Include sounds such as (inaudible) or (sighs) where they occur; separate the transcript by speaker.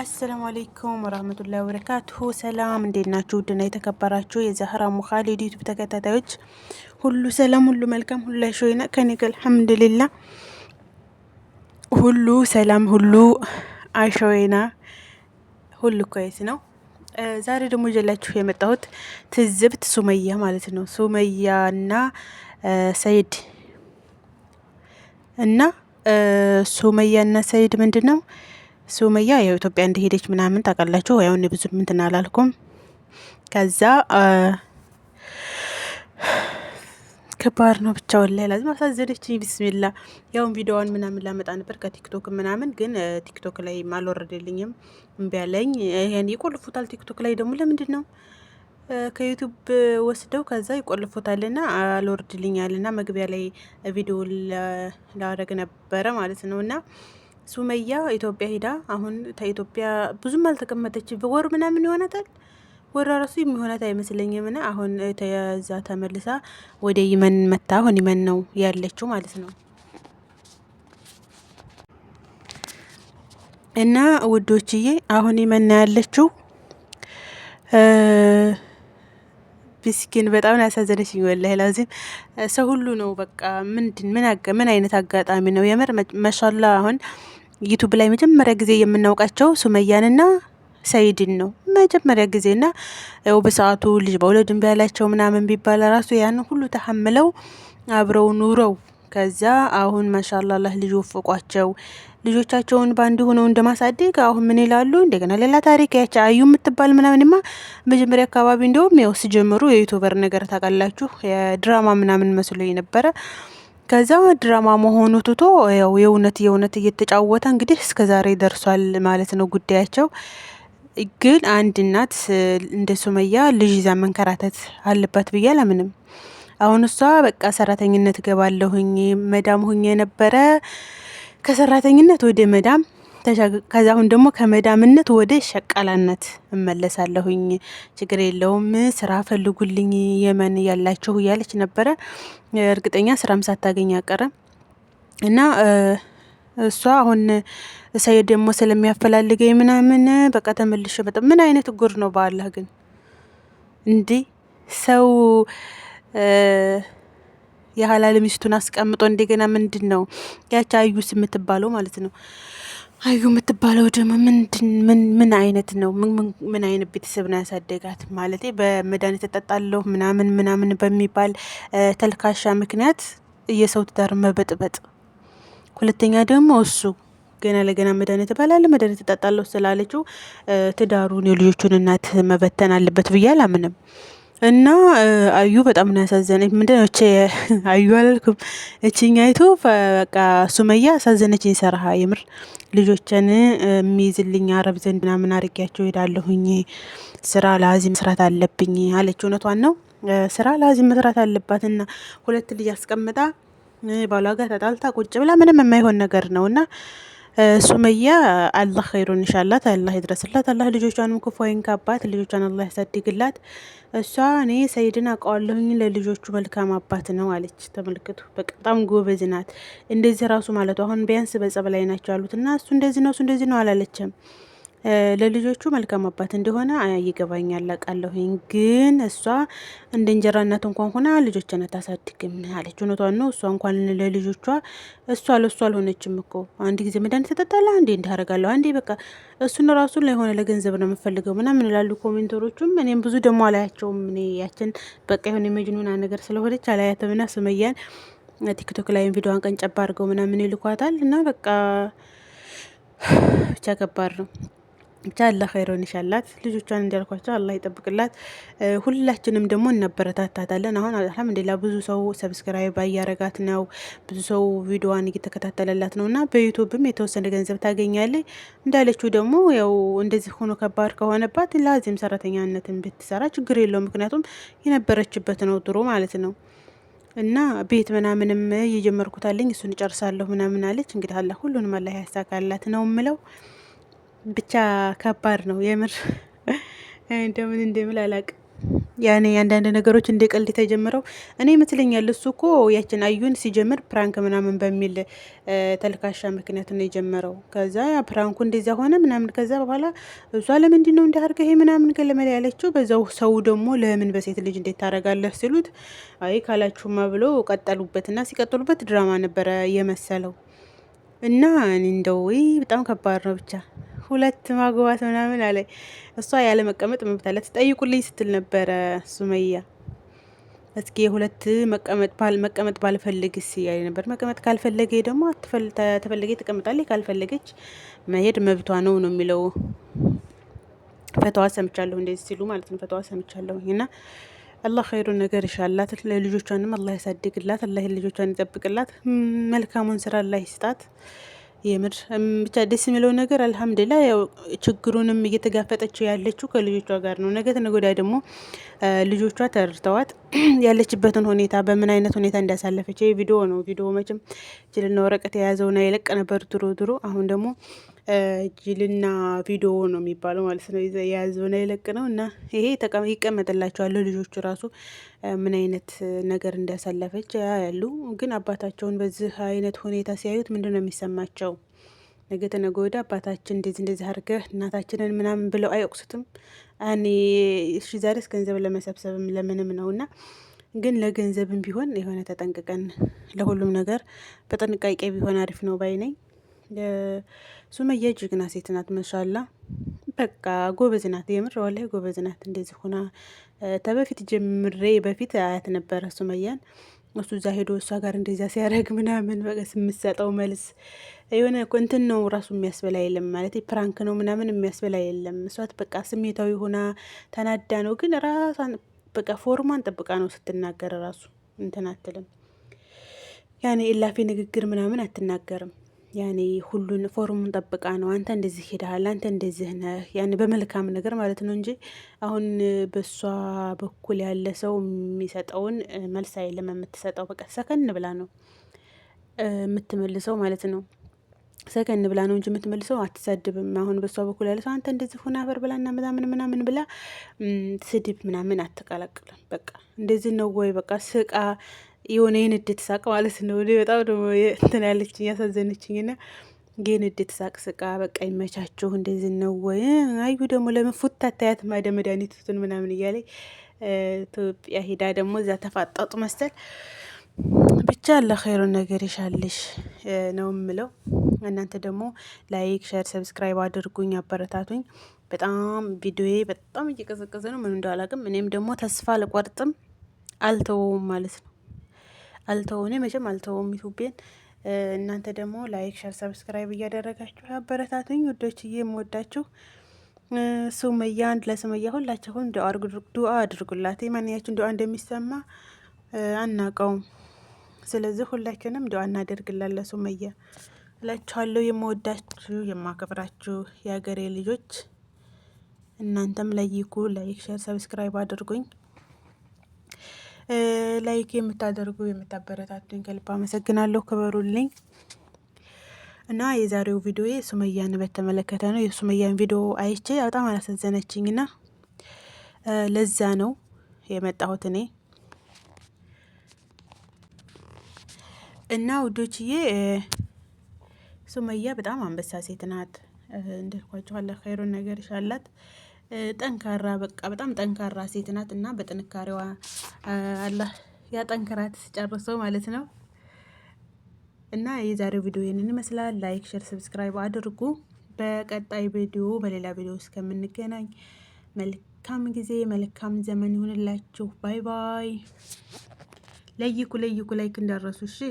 Speaker 1: አሰላሙ አሌይኩም ወራህመቱላሂ ወበረካቱሁ። ሰላም እንዴት ናችሁ? ውድና የተከበራችሁ የዛህራ ሙኻሊድ ዩቱብ ተከታታዮች ሁሉ ሰላም፣ ሁሉ መልካም፣ ሁሉ ሾይና ከኔጋ አልሐምዱሊላ ሁሉ ሰላም፣ ሁሉ አሾይና ሁሉ ኮየት ነው። ዛሬ ደግሞ ይዤላችሁ የመጣሁት ትዝብት ሱመያ ማለት ነው። ሱመያና ሰይድ እና ሱመያና ሰይድ ምንድን ነው ሱመያ ያው ኢትዮጵያ እንደሄደች ምናምን ታውቃላችሁ። ያው እኔ ብዙ ምንትን አላልኩም። ከዛ ከባድ ነው ብቻ ወላሂ ላዝም አሳዘነች። ቢስሚላ ያውን ቪዲዮዋን ምናምን ላመጣ ነበር ከቲክቶክ ምናምን፣ ግን ቲክቶክ ላይ አልወረደልኝም፣ እምቢ አለኝ። ይሄን ይቆልፉታል። ቲክቶክ ላይ ደግሞ ለምንድን ነው ከዩቱብ ወስደው ከዛ ይቆልፎታልና አልወርድልኛልና መግቢያ ላይ ቪዲዮ ላረግ ነበረ ማለት ነው እና ሱመያ ኢትዮጵያ ሄዳ አሁን ከኢትዮጵያ ብዙም አልተቀመጠች። በወር ምናምን ይሆናታል ወር ራሱ የሚሆናት አይመስለኝም። ና አሁን ተያዛ ተመልሳ ወደ ይመን መታ። አሁን ይመን ነው ያለችው ማለት ነው። እና ውዶችዬ አሁን ይመን ያለችው ምስኪን በጣም ነው ያሳዘነችኝ። ወላሂ ላዚም ሰው ሁሉ ነው በቃ ምንድን ምን ምን አይነት አጋጣሚ ነው የምር መሻላ። አሁን ዩቱብ ላይ መጀመሪያ ጊዜ የምናውቃቸው ሱመያንና ሰይድን ነው መጀመሪያ ጊዜና ያው በሰዓቱ ልጅ በሁለቱም ያላቸው ምናምን ቢባል ራሱ ያን ሁሉ ተሐምለው አብረው ኑረው ከዛ አሁን ማሻላላህ ልጅ ወፈቋቸው። ልጆቻቸውን በአንድ ሆነው እንደማሳደግ አሁን ምን ይላሉ? እንደገና ሌላ ታሪክ ያቻ አዩ የምትባል ምናምንማ መጀመሪያ አካባቢ እንደውም ያው ሲጀምሩ የዩቱበር ነገር ታውቃላችሁ፣ የድራማ ምናምን መስሎ የነበረ ከዛ ድራማ መሆኑ ትቶ ያው የእውነት የእውነት እየተጫወተ እንግዲህ እስከዛሬ ደርሷል ማለት ነው ጉዳያቸው። ግን አንድ እናት እንደ ሱመያ ልጅ ይዛ መንከራተት አለባት ብዬ አላምንም። አሁን እሷ በቃ ሰራተኝነት እገባለሁኝ መዳም ሁኜ የነበረ ከሰራተኝነት ወደ መዳም ከዛ አሁን ደግሞ ከመዳምነት ወደ ሸቃላነት እመለሳለሁኝ። ችግር የለውም ስራ ፈልጉልኝ የመን ያላችሁ እያለች ነበረ። እርግጠኛ ስራም ሳታገኝ አቀረ እና እሷ አሁን እሰይ ደግሞ ስለሚያፈላልገኝ ምናምን በቃ ተመልሼ በጣም ምን አይነት ጉር ነው በአላህ ግን እንዲህ ሰው የሀላል ሚስቱን አስቀምጦ እንደገና ምንድን ነው ያቺ አዩስ የምትባለው ማለት ነው። አዩ የምትባለው ደግሞ ምን አይነት ነው? ምን አይነት ቤተሰብ ነው ያሳደጋት? ማለት በመድኃኒት ተጠጣለሁ ምናምን ምናምን በሚባል ተልካሻ ምክንያት የሰው ትዳር መበጥበጥ፣ ሁለተኛ ደግሞ እሱ ገና ለገና መድኃኒት እባላለሁ መድኃኒት ተጠጣለሁ ስላለችው ትዳሩን የልጆቹን እናት መበተን አለበት ብዬ አላምንም። እና አዩ በጣም ነው ያሳዘነች። ምንድን ነው አዩ አላልኩም፣ እችኛይቱ በቃ ሱመያ አሳዘነችኝ። ሰርሃ የምር ልጆችን የሚይዝልኝ አረብ ዘንድ ምናምን አድርጊያቸው ሄዳለሁኝ። ስራ ላዚ መስራት አለብኝ አለች። እውነቷን ነው፣ ስራ ላዚ መስራት አለባት። እና ሁለት ልጅ አስቀምጣ ባሏ ጋር ተጣልታ ቁጭ ብላ ምንም የማይሆን ነገር ነው እና ሱመያ አላህ ኸይሩን ይሻላት፣ አላህ ይድረስላት፣ አላህ ልጆቿንም ክፉ አይንካባት፣ ልጆቿን አላህ ያሳድግላት። እሷ እኔ ሰይድን አውቀዋለሁኝ ለልጆቹ መልካም አባት ነው አለች። ተመልክቱ፣ በጣም ጎበዝ ናት። እንደዚህ ራሱ ማለቱ አሁን ቢያንስ በጸብ ላይ ናቸው ያሉት እና እሱ እንደዚህ ነው እሱ እንደዚህ ነው አላለችም። ለልጆቹ መልካም አባት እንደሆነ ይገባኛል፣ አውቃለሁኝ። ግን እሷ እንደ እንጀራነት እንኳን ሆና ልጆችን አታሳድግም አለች። እውነቷን ነው። እሷ እንኳን ለልጆቿ እሷ ለእሷ አልሆነችም እኮ አንድ ጊዜ መድኃኒት ተጠጣለ፣ አንዴ እንዳረጋለሁ፣ አንዴ በቃ እሱን ራሱ ለሆነ ለገንዘብ ነው የምፈልገው ምናምን ይላሉ ኮሜንተሮቹም። እኔም ብዙ ደግሞ አላያቸውም። እኔ ያችን በቃ የሆነ መጅኑና ነገር ስለሆነች አላያተምና ስመያን ቲክቶክ ላይም ቪዲዮዋን ቀንጨባ አድርገው ምናምን ይልኳታል እና በቃ (sighs) ብቻ ከባድ ነው። ብቻ አላህ ኸይሮን ይሻላት። ልጆቿን እንዲያልኳቸው አላህ ይጠብቅላት። ሁላችንም ደግሞ እናበረታታታለን። አሁን አልሐምዱሊላህ ብዙ ሰው ሰብስክራይብ እያረጋት ነው፣ ብዙ ሰው ቪዲዮዋን እየተከታተለላት ነው እና በዩቱብም የተወሰነ ገንዘብ ታገኛለች። እንዳለችው ደግሞ ያው እንደዚህ ሆኖ ከባድ ከሆነባት ላዚም ሰራተኛነትን ብትሰራ ችግር የለው። ምክንያቱም የነበረችበት ነው ጥሩ ማለት ነው እና ቤት ምናምንም እየጀመርኩታለኝ እሱን እጨርሳለሁ ምናምን አለች። እንግዲህ አላህ ሁሉንም አላህ ያሳካላት ነው ምለው ብቻ ከባድ ነው የምር እንደምን እንደምል አላቅ ያኔ አንዳንድ ነገሮች እንደ ቀልድ ተጀምረው እኔ ይመስለኛል እሱ እኮ ያችን አዩን ሲጀምር ፕራንክ ምናምን በሚል ተልካሻ ምክንያት ነው የጀመረው። ከዛ ፕራንኩ እንደዚያ ሆነ ምናምን። ከዛ በኋላ እሷ ለምንድን ነው እንዲያርገ ይሄ ምናምን ገለመል ያለችው፣ በዛው ሰው ደግሞ ለምን በሴት ልጅ እንዴት ታደርጋለህ ሲሉት አይ ካላችሁማ ብሎ ቀጠሉበት እና ሲቀጥሉበት ድራማ ነበረ የመሰለው እና እንደው በጣም ከባድ ነው ብቻ ሁለት ማግባት ምናምን አለ። እሷ ያለ መቀመጥ መብት አላት ትጠይቁልኝ ስትል ነበረ ሱመያ። እስኪ ሁለት መቀመጥ መቀመጥ ባልፈልግስ ያለ ነበር። መቀመጥ ካልፈለገ ደግሞ ተፈለገ ትቀምጣለች፣ ካልፈለገች መሄድ መብቷ ነው ነው የሚለው ፈተዋ ሰምቻለሁ፣ እንደዚህ ሲሉ ማለት ነው። ፈተዋ ሰምቻለሁ እና አላህ ኸይሩን ነገር ይሻላት። ልጆቿንም አላህ ያሳድግላት። አላህ ልጆቿን ይጠብቅላት። መልካሙን ስራ አላህ ይስጣት። የምር ብቻ ደስ የሚለው ነገር አልሀምዱላ ያው ችግሩንም እየተጋፈጠችው ያለችው ከልጆቿ ጋር ነው። ነገ ተነገ ወዲያ ደግሞ ልጆቿ ተርተዋት (clears throat) ያለችበትን ሁኔታ በምን አይነት ሁኔታ እንዳሳለፈች ይህ ቪዲዮ ነው። ቪዲዮ መቼም ችልና ወረቀት የያዘውና የለቀ ነበር ድሮ ድሮ። አሁን ደግሞ ጅልና ቪዲዮ ነው የሚባለው ማለት ነው የያዘውን የለቅ ነው እና ይሄ ይቀመጥላቸዋለሁ። ልጆቹ ራሱ ምን አይነት ነገር እንዳሳለፈች ያያሉ። ግን አባታቸውን በዚህ አይነት ሁኔታ ሲያዩት ምንድን ነው የሚሰማቸው? ነገ ተነገ ወዲያ አባታችን እንደዚህ እንደዚህ አድርገህ እናታችንን ምናምን ብለው አይወቅሱትም። እኔ እሺ ዛሬስ ገንዘብ ለመሰብሰብም ለምንም ነው እና ግን ለገንዘብም ቢሆን የሆነ ተጠንቅቀን ለሁሉም ነገር በጥንቃቄ ቢሆን አሪፍ ነው ባይ ነኝ። ሱመያ የጀግና ሴት ናት። መሻላ በቃ ጎበዝ ናት። የምር ወላሂ ጎበዝ ናት። እንደዚህ ሆና ተበፊት ጀምሬ በፊት አያት ነበረ ሱመያን እሱ እዛ ሄዶ እሷ ጋር እንደዚያ ሲያደርግ ምናምን በቀስ የምሰጠው መልስ የሆነ እንትን ነው ራሱ የሚያስበላ የለም ማለት ፕራንክ ነው ምናምን የሚያስበላ የለም። እሷት በቃ ስሜታዊ ሆና ተናዳ ነው፣ ግን ራሷን በቃ ፎርማን ጠብቃ ነው ስትናገር ራሱ እንትን አትልም። ያኔ ኤላፊ ንግግር ምናምን አትናገርም። ያኔ ሁሉን ፎርሙን ጠብቃ ነው። አንተ እንደዚህ ሄደሃል፣ አንተ እንደዚህ ነህ፣ ያኔ በመልካም ነገር ማለት ነው እንጂ አሁን በሷ በኩል ያለ ሰው የሚሰጠውን መልስ አይለም የምትሰጠው። በቃ ሰከን ብላ ነው የምትመልሰው ማለት ነው። ሰከን ብላ ነው እንጂ የምትመልሰው፣ አትሳድብም። አሁን በሷ በኩል ያለ ሰው አንተ እንደዚህ ሆነ አፈር ብላና ምናምን ምናምን ብላ ስድብ ምናምን አትቀላቅልም። በቃ እንደዚህ ነው ወይ በቃ ስቃ የሆነ የንዴት ሳቅ ማለት ነው። በጣም ደሞ እንትን ያለችኝ ያሳዘነችኝ ና የንዴት ሳቅ ስቃ በቃ ይመቻችሁ። እንደዚህ ነው ወይ? አዩ ደግሞ ለምን ፉት አታያት ማደ መድኃኒቱን ምናምን እያለ ኢትዮጵያ ሄዳ ደግሞ እዛ ተፋጣጡ መሰል ብቻ ለኸይሩን ነገር ይሻልሽ ነው የምለው። እናንተ ደግሞ ላይክ፣ ሸር፣ ሰብስክራይብ አድርጉኝ፣ አበረታቱኝ። በጣም ቪዲዮዬ በጣም እየቀዘቀዘ ነው። ምን እንዳላቅም እኔም ደግሞ ተስፋ አልቆርጥም አልተወውም ማለት ነው። አልተውኔ መቼም አልተውም ዩቱቤን። እናንተ ደግሞ ላይክ፣ ሸር፣ ሰብስክራይብ እያደረጋችሁ አበረታቱኝ ውዶች፣ የምወዳችሁ ሱመያ አንድ ለሱመያ ሁላችሁም ዱአ አድርጉላት። ማንኛችን ዱአ እንደሚሰማ አናቀውም። ስለዚህ ሁላችንም ዱአ እናደርግላት ለሱመያ እላችኋለሁ። የምወዳችሁ የማከብራችሁ የሀገሬ ልጆች እናንተም ለይኩ ላይክ ሸር ሰብስክራይብ አድርጉኝ። ላይክ የምታደርጉ የምታበረታቱኝ ከልብ አመሰግናለሁ። ክበሩልኝ። እና የዛሬው ቪዲዮ ሱመያን በተመለከተ ነው። የሱመያን ቪዲዮ አይቼ በጣም አላሳዘነችኝ እና ለዛ ነው የመጣሁት እኔ እና ውዶችዬ ሱመያ በጣም አንበሳ ሴት ናት። እንደልኳችኋለሁ፣ ኸይሮን ነገር ይሻላት። ጠንካራ በቃ በጣም ጠንካራ ሴት ናት እና በጥንካሬዋ አላህ ያጠንክራት ጨርሰው ማለት ነው። እና የዛሬው ቪዲዮ ይህንን ይመስላል። ላይክ፣ ሼር፣ ሰብስክራይብ አድርጉ። በቀጣይ ቪዲዮ በሌላ ቪዲዮ እስከምንገናኝ መልካም ጊዜ መልካም ዘመን ይሁንላችሁ። ባይ ባይ። ለይኩ ለይኩ ላይክ እንዳረሱ እሺ።